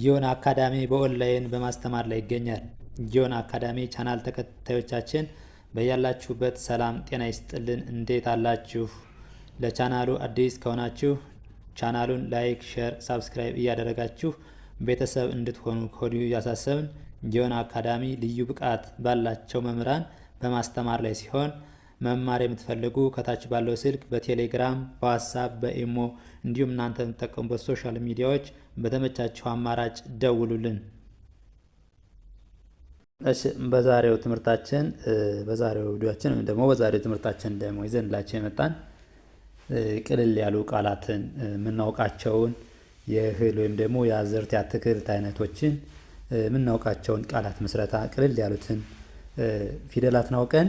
ጊዮን አካዳሚ በኦንላይን በማስተማር ላይ ይገኛል። ጊዮን አካዳሚ ቻናል ተከታዮቻችን በያላችሁበት ሰላም ጤና ይስጥልን። እንዴት አላችሁ? ለቻናሉ አዲስ ከሆናችሁ ቻናሉን ላይክ፣ ሼር፣ ሳብስክራይብ እያደረጋችሁ ቤተሰብ እንድትሆኑ ከወዲሁ እያሳሰብን ጊዮን አካዳሚ ልዩ ብቃት ባላቸው መምህራን በማስተማር ላይ ሲሆን መማር የምትፈልጉ ከታች ባለው ስልክ በቴሌግራም በዋትሳፕ በኢሞ እንዲሁም እናንተ የምትጠቀሙበት ሶሻል ሚዲያዎች በተመቻቸው አማራጭ ደውሉልን። እሺ በዛሬው ትምህርታችን በዛሬው ቪዲዮአችን ወይም ደግሞ በዛሬው ትምህርታችን ደግሞ ይዘንላችሁ የመጣን ቅልል ያሉ ቃላትን የምናውቃቸውን የእህል ወይም ደግሞ የአዝርት የአትክልት አይነቶችን የምናውቃቸውን ቃላት ምስረታ ቅልል ያሉትን ፊደላትን አውቀን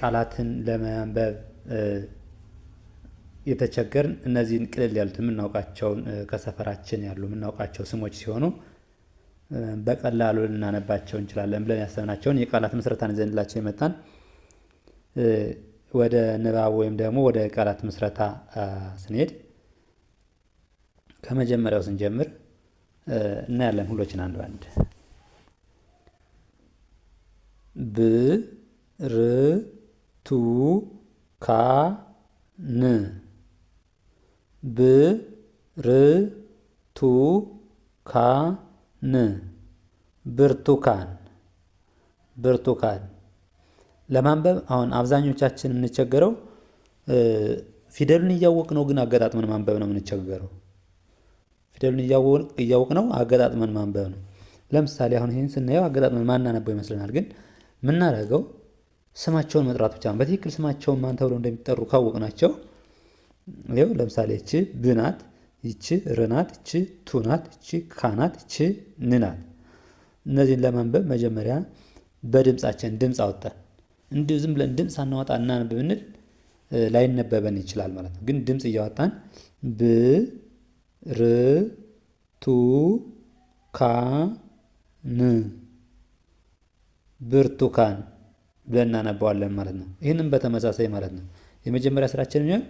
ቃላትን ለመንበብ የተቸገርን እነዚህን ቅልል ያሉት የምናውቃቸውን ከሰፈራችን ያሉ የምናውቃቸው ስሞች ሲሆኑ በቀላሉ ልናነባቸው እንችላለን ብለን ያሰብናቸውን የቃላት ምስረታን ዘንድላቸው የመጣን ወደ ንባብ ወይም ደግሞ ወደ ቃላት ምስረታ ስንሄድ ከመጀመሪያው ስንጀምር እናያለን። ሁሎችን አንዱ አንድ ብርቱካን ብርቱካን ብርቱካን ብርቱካን ለማንበብ አሁን አብዛኞቻችን የምንቸገረው ፊደሉን እያወቅ ነው፣ ግን አገጣጥመን ማንበብ ነው የምንቸገረው። ፊደሉን እያወቅ ነው፣ አገጣጥመን ማንበብ ነው። ለምሳሌ አሁን ይህን ስናየው አገጣጥመን ማናነበው ይመስለናል፣ ግን የምናደርገው ስማቸውን መጥራት ብቻ። በትክክል ስማቸውን ማን ተብለው እንደሚጠሩ ካወቅናቸው ይኸው ለምሳሌ እቺ ብናት፣ ይቺ ርናት፣ እቺ ቱናት፣ እቺ ካናት፣ እቺ ንናት። እነዚህን ለማንበብ መጀመሪያ በድምፃችን ድምፅ አወጣን። እንዲሁ ዝም ብለን ድምፅ አናወጣ እናንብ ብንል ላይነበበን ይችላል ማለት ነው። ግን ድምፅ እያወጣን ብ ር ቱ ካ ን ብርቱካን ብለን እናነበዋለን ማለት ነው። ይህንም በተመሳሳይ ማለት ነው የመጀመሪያ ስራችን የሚሆን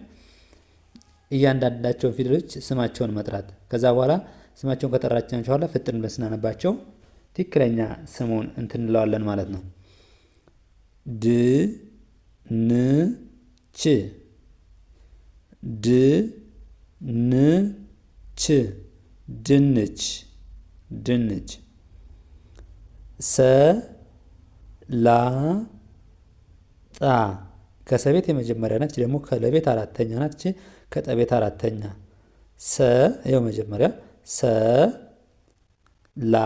እያንዳንዳቸውን ፊደሎች ስማቸውን መጥራት ከዛ በኋላ ስማቸውን ከጠራችን በኋላ ፍጥን በስናነባቸው ትክክለኛ ስሙን እንትንለዋለን እንለዋለን ማለት ነው። ድ ን ች ድ ን ች ድንች ድንች ሰ ላ ጣ ከሰቤት የመጀመሪያ ናት። ደግሞ ከለቤት አራተኛ ናት። ከጠቤት አራተኛ ሰ ይኸው መጀመሪያ ሰ ላ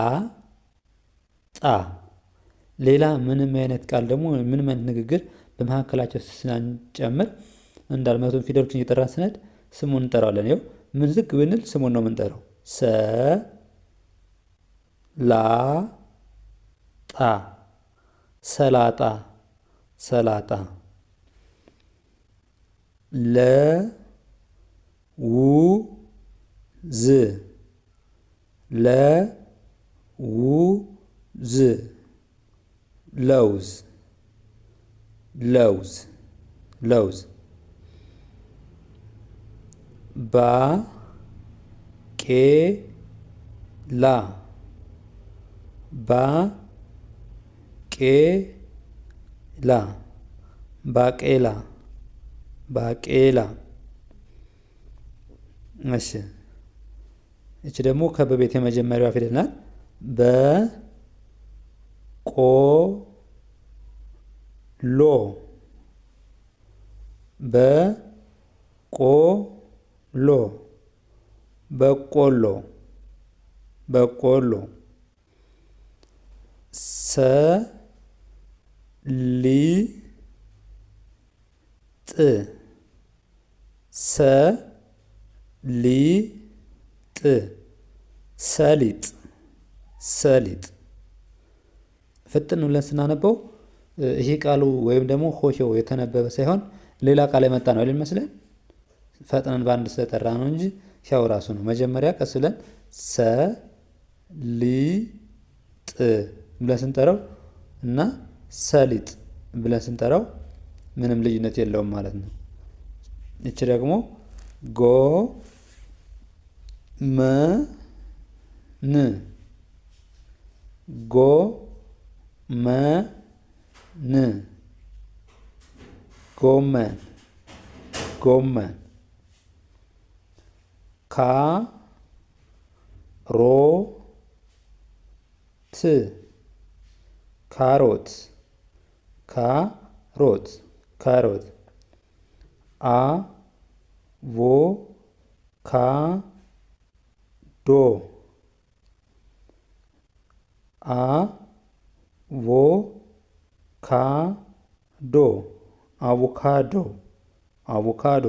ጣ ሌላ ምንም አይነት ቃል ደግሞ ምንም አይነት ንግግር በመካከላቸው ስናንጨምር እንዳልመቱን ፊደሎችን እየጠራን ስነድ ስሙን እንጠራዋለን። ይኸው ምን ዝግ ብንል ስሙን ነው የምንጠራው። ሰ ላ ጣ ሰላጣ ሰላጣ ለ la Le z Lows. Lows. Lows. Ba. Ke. La. Ba. Ke. La. -ke -la. እሺ እቺ ደግሞ ከበቤት የመጀመሪያዋ ፊደል ናት። በ ቆ ሎ በ ቆ ሎ በቆሎ በቆሎ ሰ ሊ ጥ ሰ ሊጥ ሰሊጥ ሰሊጥ ፍጥን ብለን ስናነበው ይሄ ቃሉ ወይም ደግሞ ሆሾ የተነበበ ሳይሆን ሌላ ቃል የመጣ ነው አይደል መስለን ፈጥነን በአንድ ስለጠራ ነው እንጂ ሻው ራሱ ነው። መጀመሪያ ቀስ ብለን ሰሊጥ ብለን ስንጠራው እና ሰሊጥ ብለን ስንጠራው ምንም ልዩነት የለውም ማለት ነው። ይቺ ደግሞ ጎ መ መ ን ጎ ን ጎመን ጎመን ጎመን ካሮት ካ ሮት ካሮት አ ቮ ካ ዶ አ ቮ ካ ዶ አቮካዶ አቮካዶ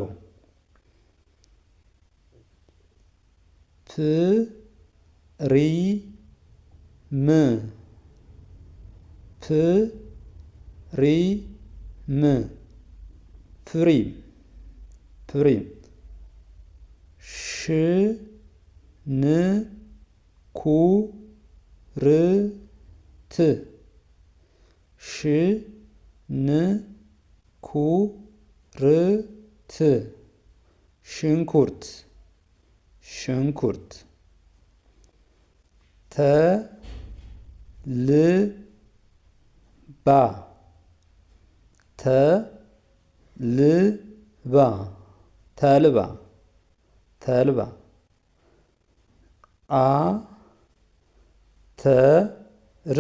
ፕ ሪ ም ፕ ሪ ም ፕሪም ፕሪም ሽ ንኩርት ሽንኩርት ሽንኩርት ሽንኩርት ተልባ ተልባ ተልባ ተልባ አ ተ ር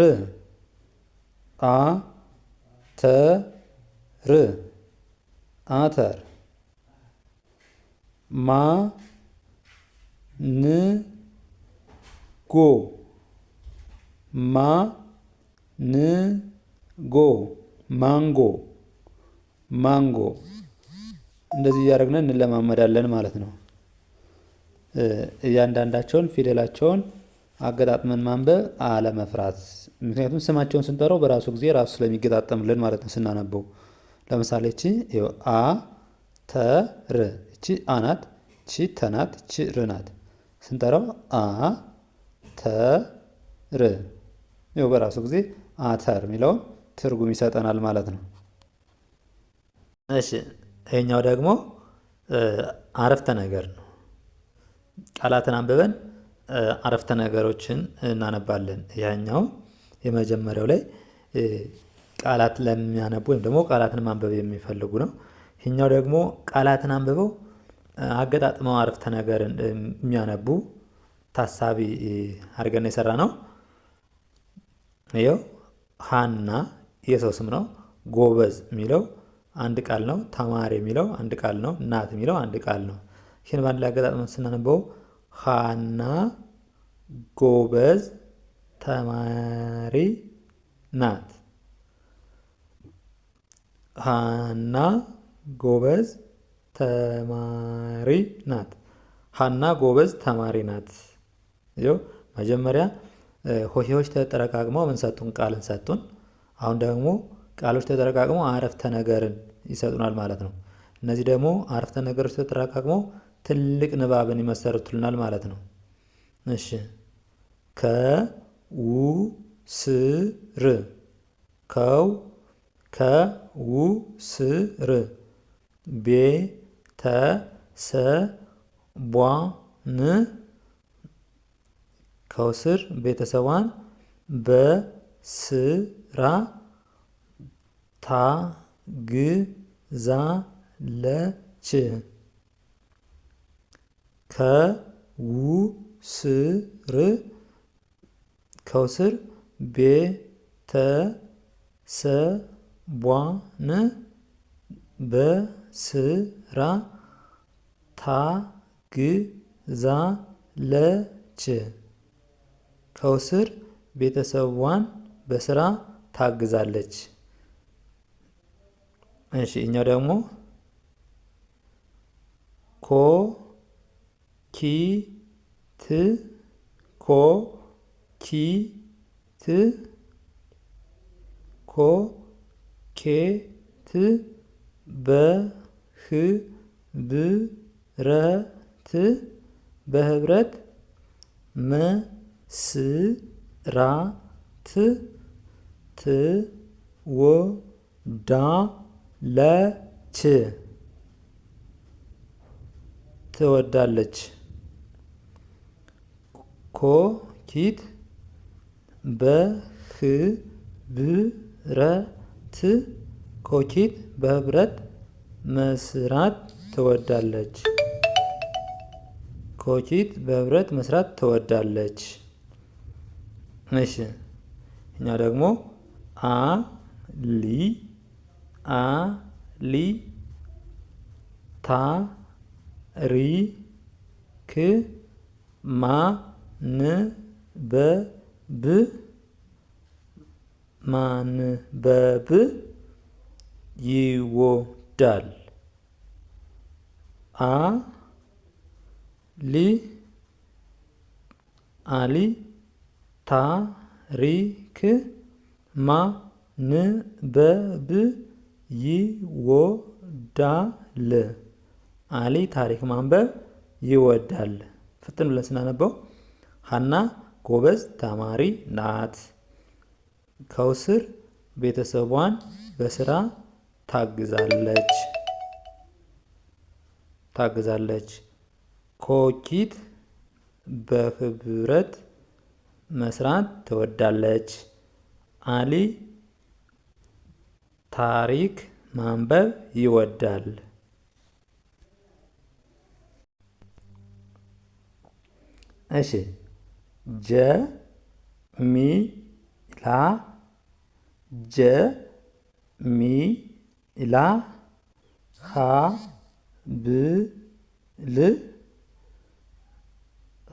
አ ተ ር አተር ማ ን ጎ ማ ን ጎ ማንጎ ማንጎ እንደዚህ እያደረግን እንለማመዳለን ማለት ነው። እያንዳንዳቸውን ፊደላቸውን አገጣጥመን ማንበብ አለመፍራት። ምክንያቱም ስማቸውን ስንጠራው በራሱ ጊዜ ራሱ ስለሚገጣጠምልን ማለት ነው ስናነበው። ለምሳሌ ቺ አ ተ ር እቺ አናት ቺ ተናት ቺ ርናት ስንጠራው አ ተ ር ይኸው በራሱ ጊዜ አተር የሚለውን ትርጉም ይሰጠናል ማለት ነው። እሺ ይሄኛው ደግሞ አረፍተ ነገር ነው። ቃላትን አንብበን አረፍተ ነገሮችን እናነባለን። ያኛው የመጀመሪያው ላይ ቃላት ለሚያነቡ ወይም ደግሞ ቃላትን ማንበብ የሚፈልጉ ነው። ይህኛው ደግሞ ቃላትን አንብበው አገጣጥመው አረፍተ ነገርን የሚያነቡ ታሳቢ አድርገን የሰራ ነው። ይኸው ሀና የሰው ስም ነው። ጎበዝ የሚለው አንድ ቃል ነው። ተማሪ የሚለው አንድ ቃል ነው። እናት የሚለው አንድ ቃል ነው። ይህን በአንድ ላይ አገጣጥመን ስናነበው ሃና ጎበዝ ተማሪ ናት። ሃና ጎበዝ ተማሪ ናት። ሃና ጎበዝ ተማሪ ናት። ይኸው መጀመሪያ ሆሄዎች ተጠረቃቅመው ምን ሰጡን? ቃልን ሰጡን። አሁን ደግሞ ቃሎች ተጠረቃቅመው አረፍተ ነገርን ይሰጡናል ማለት ነው። እነዚህ ደግሞ አረፍተ ነገሮች ተጠረቃቅመው ትልቅ ንባብን ይመሰርቱልናል ማለት ነው። እሺ ከውስር ከው ከውስር ቤተሰቧን ከውስር ቤተሰቧን በስራ ታግዛለች። ከውስር ከውስር ቤተሰቧን በስራ ታግዛለች። ከውስር ቤተሰቧን በስራ ታግዛለች። እሺ እኛው ደግሞ ኮ ኪ ኪት ኮ ኪት ኮኬት በህብረት በህብረት መስራት ትወዳለች ትወዳለች ኮኪት በህብረት ኮኪት በህብረት መስራት ትወዳለች። ኮኪት በህብረት መስራት ትወዳለች። እሺ እኛ ደግሞ አ ሊ አ ሊ ታ ሪ ክ ማ ንበብ ማንበብ ይወዳል። አ ሊ አሊ ታሪክ ማንበብ ይወዳል። አሊ ታሪክ ማንበብ ይወዳል። ፍጥን ብለን ስናነበው ሀና ጎበዝ ተማሪ ናት። ከውስር ቤተሰቧን በስራ ታግዛለች ታግዛለች። ኮኪት በህብረት መስራት ትወዳለች። አሊ ታሪክ ማንበብ ይወዳል። እሺ ጀሚላ ጀሚላ ሀብል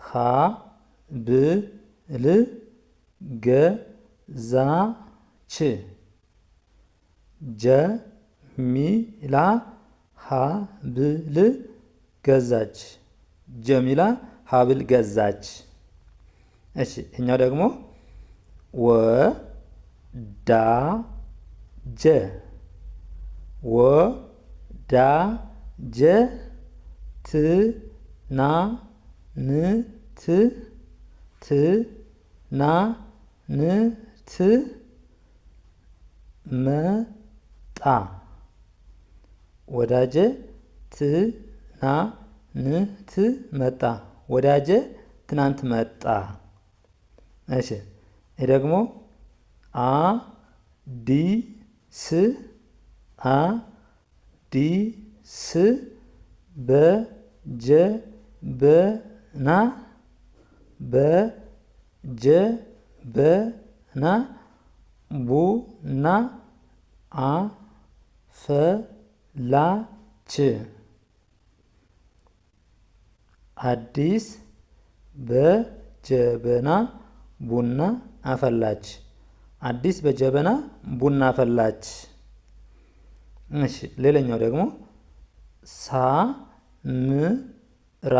ሀብል ገዛች ጀሚላ ሀብል ገዛች ጀሚላ ሀብል ገዛች እሺ እኛው ደግሞ ወዳጀ ወዳጀ ትናንት ትናንት መጣ ወዳጀ ትናንት መጣ ወዳጀ ትናንት መጣ እሺ ይህ ደግሞ አ ዲ ስ አ ዲ ስ በጀ በና በጀ በና ቡና አፈላች አዲስ በጀበና ቡና አፈላች። አዲስ በጀበና ቡና አፈላች። እሺ ሌላኛው ደግሞ ሳ ም ራ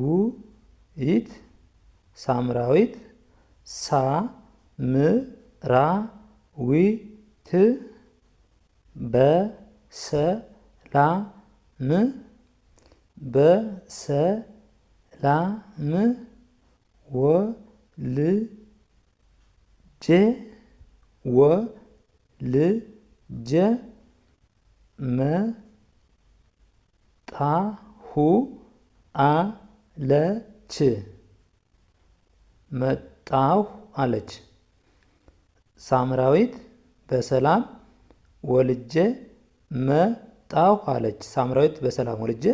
ው ይት ሳምራዊት ሳ ም ራ ዊ ት በ ሰ ላ ም በ ሰ ላ ም ወ ልጄ ወ ልጄ መጣሁ አለች መጣሁ አለች። ሳምራዊት በሰላም ወልጄ መጣሁ አለች። ሳምራዊት በሰላም ወልጄ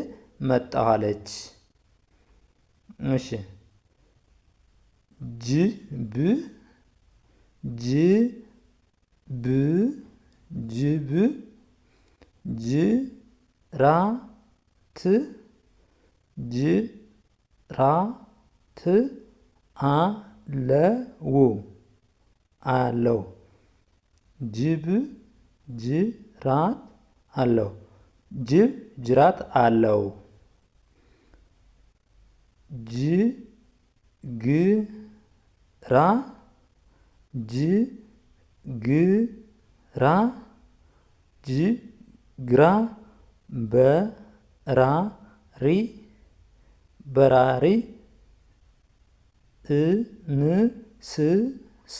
መጣሁ አለች። እሺ ጅብ ጅብ ጅብ ጅራት ጅራት አለው አለው ጅብ ጅራት አለው ጅብ ጅራት አለው ጅግር ራ ጅ ግ ራ ጅ ግራ በራሪ በራሪ እንስሳ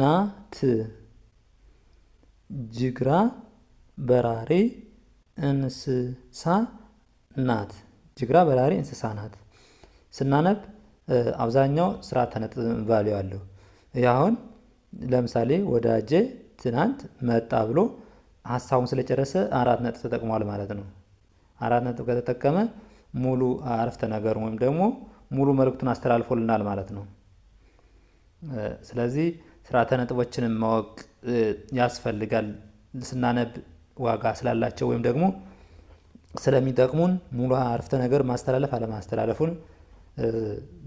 ናት ጅግራ በራሪ እንስሳ ናት ጅግራ በራሪ እንስሳ ናት ስናነብ አብዛኛው ስርዓተ ነጥብ ቫሉ አለው። ያሁን ለምሳሌ ወዳጄ ትናንት መጣ ብሎ ሀሳቡን ስለጨረሰ አራት ነጥብ ተጠቅሟል ማለት ነው። አራት ነጥብ ከተጠቀመ ሙሉ አረፍተ ነገር ወይም ደግሞ ሙሉ መልእክቱን አስተላልፎልናል ማለት ነው። ስለዚህ ስርዓተ ነጥቦችንም ማወቅ ያስፈልጋል ስናነብ ዋጋ ስላላቸው ወይም ደግሞ ስለሚጠቅሙን ሙሉ አረፍተ ነገር ማስተላለፍ አለማስተላለፉን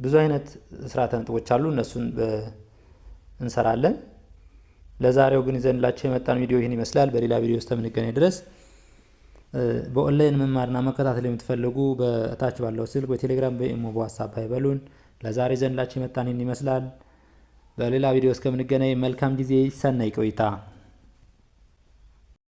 ብዙ አይነት ስርዓተ ነጥቦች አሉ። እነሱን እንሰራለን። ለዛሬው ግን ይዘንላቸው የመጣን ቪዲዮ ይህን ይመስላል። በሌላ ቪዲዮ ውስጥ የምንገናኝ ድረስ በኦንላይን መማርና መከታተል የምትፈልጉ በእታች ባለው ስልክ፣ በቴሌግራም፣ በኢሞ፣ በዋትሳፕ አይበሉን። ለዛሬ ዘንላቸው የመጣን ይህን ይመስላል። በሌላ ቪዲዮ እስከምንገናኝ መልካም ጊዜ፣ ሰናይ ቆይታ